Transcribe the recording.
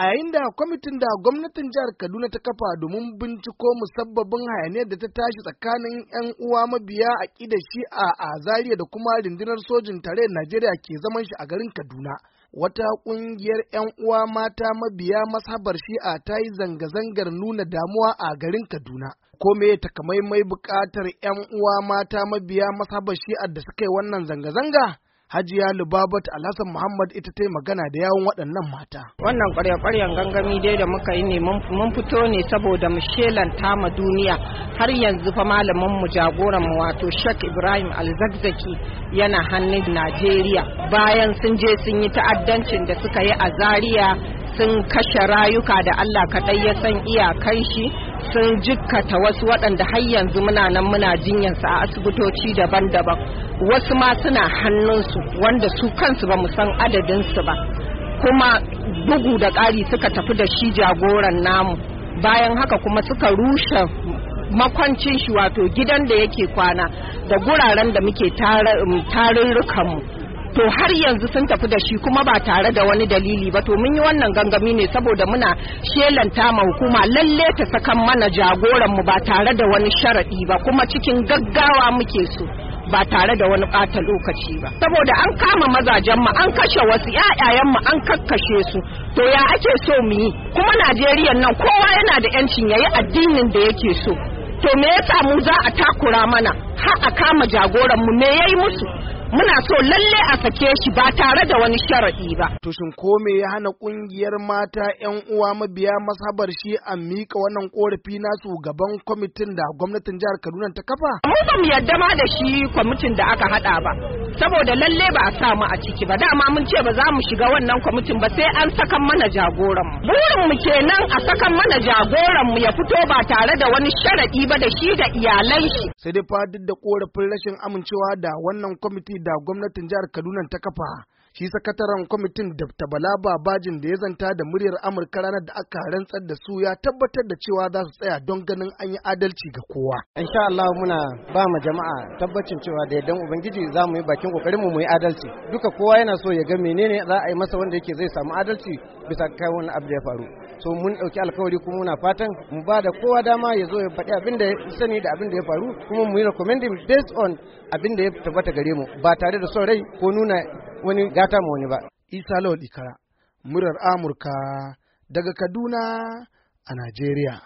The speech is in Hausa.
a yayin da kwamitin da gwamnatin jihar kaduna ta kafa domin binciko musabbabin hayaniyar da ta tashi tsakanin 'yan uwa mabiya a ƙida shi a azariya da kuma rundunar sojin tarayyar najeriya ke zaman shi a garin kaduna wata ƙungiyar 'yan uwa mata mabiya mashabar shi'a ta yi zanga-zangar nuna damuwa a garin kaduna ko me mai buƙatar 'yan uwa mata mabiya mashabar shi'a da suka yi wannan zanga-zanga Hajiya Lubabat Alhassan Muhammad ita ta magana da yawon waɗannan mata. Wannan ƙwarya-ƙwaryan gangami dai da muka yi ne mun fito ne saboda mu shelanta ma duniya har yanzu fa malamin mu jagoran mu wato Sheikh Ibrahim Alzagzaki yana hannun Najeriya bayan sun je sun yi ta'addancin da suka yi a Zaria sun kashe rayuka da Allah kaɗai ya san iyakan shi sun jikkata wasu waɗanda har yanzu muna nan muna jinyarsu a asibitoci daban-daban wasu ma suna hannunsu wanda su kansu ba mu san adadinsu ba kuma bugu da ƙari suka tafi da shi jagoran namu bayan haka kuma suka rushe makwancin shi wato gidan da yake kwana da guraren da muke tarin um, mu. to har yanzu sun tafi da shi kuma ba tare da wani dalili ba to mun yi wannan gangami ne saboda muna shelanta ma hukuma lalle ta sakan mana jagoran mu ba tare da wani sharadi ba kuma cikin gaggawa muke so ba tare da wani ɓata lokaci ba saboda an kama mazajen mu an kashe wasu ƴaƴayen mu an kakkashe su to ya ake so mu yi kuma Najeriya nan kowa yana da yancin yayi addinin da yake so to me yasa mu za a takura mana har a kama jagoran mu me yayi musu muna so lalle a sake shi ba tare da wani sharaɗi ba. To shin ko me ya hana ƙungiyar mata 'yan uwa mabiya masabar shi a mika wannan ƙorafi nasu gaban kwamitin da gwamnatin jihar Kaduna ta kafa? Mu ba mu yarda ma da shi kwamitin da aka haɗa ba. Saboda lalle ba a sa mu a ciki ba dama mun ce ba za mu shiga wannan kwamitin ba sai an saka mana jagoran mu. Burin mu kenan a sakan mana jagoran mu ya fito ba tare da wani sharaɗi ba da shi da iyalan shi. Sai dai fa duk da ƙorafin rashin amincewa da wannan kwamitin. da gwamnatin jihar Kaduna ta kafa shi sakataren kwamitin da Bala Babajin da ya zanta da muryar Amurka ranar da aka rantsar da su ya tabbatar da cewa za su tsaya don ganin an yi adalci ga kowa. Insha Allah muna ba ma jama'a tabbacin cewa da yardan Ubangiji za mu yi bakin kokarin mu yi adalci. Duka kowa yana so ya ga menene za a yi masa wanda yake zai samu adalci bisa kai wani abu da ya faru. so mun ɗauki alkawari kuma muna fatan mu ba da kowa dama ya zo ya faɗi abin da ya sani da abin da ya faru kuma mu yi recommending based on abin da ya tabbata gare mu ba tare da son rai ko nuna wani gata ma wani ba. Isa Lawal Ikara, murar Amurka daga Kaduna a Najeriya.